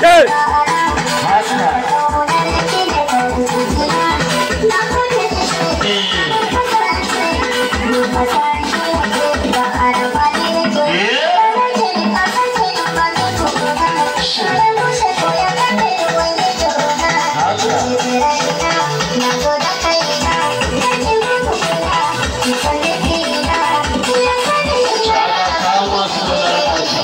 对。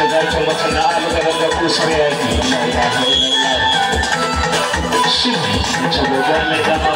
सदा चमक नाम करत खुश रे आई शिव चलो गले का